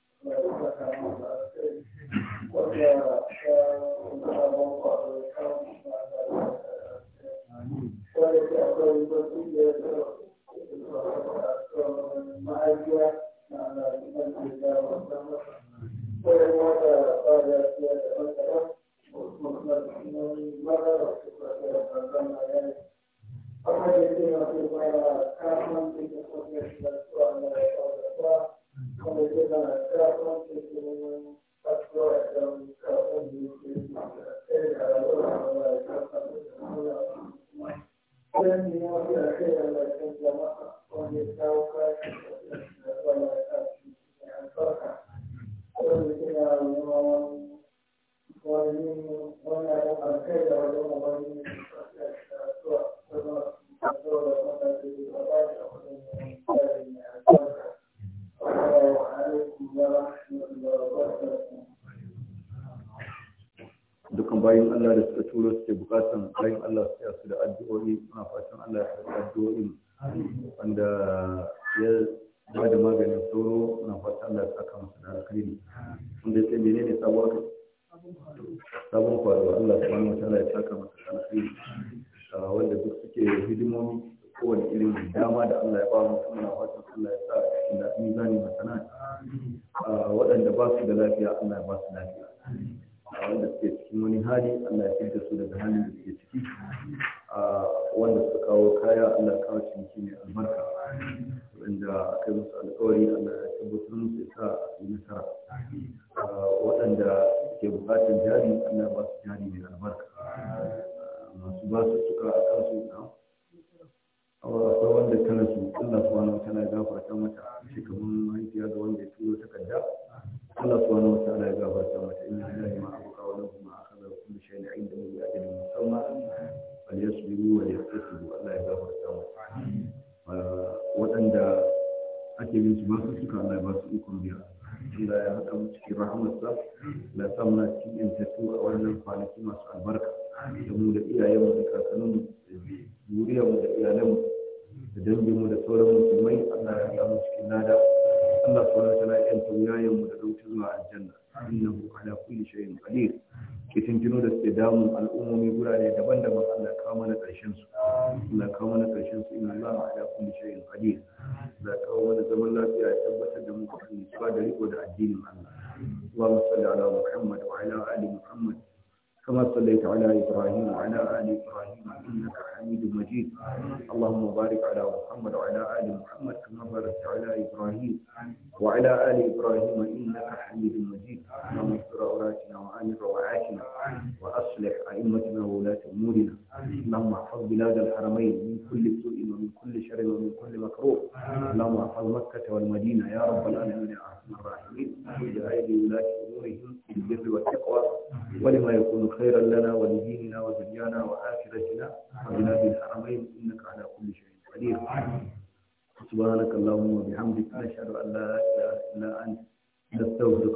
wanda ba su suka a kansu na akwai wanda ta rasu Allah subhanahu wataala ya gafarta mata shi kamar mahaifiya ga wanda ya turo takarda Allah subhanahu wataala ya gafarta mata inna lillahi ma abuka wa lahu ma akhadha wa kullu shay'in 'indahu bi ajalin musamma fal yasbiru wa yahtasibu Allah ya gafarta mata waɗanda ake bin su ba su suka Allah ya ba su ikon biya Allah ya haɗa mu cikin rahamarsa la samna cikin yantattu a wannan kwanaki masu albarka أو مكة والمدينة يا رب العالمين يا أرحم الراحمين واجعل ولاة أمورهم في البر والتقوى ولما يكون خيرا لنا ولديننا ودنيانا وآخرتنا وبلاد الحرمين إنك على كل شيء قدير سبحانك اللهم وبحمدك نشهد أن لا إله إلا أنت نستغفرك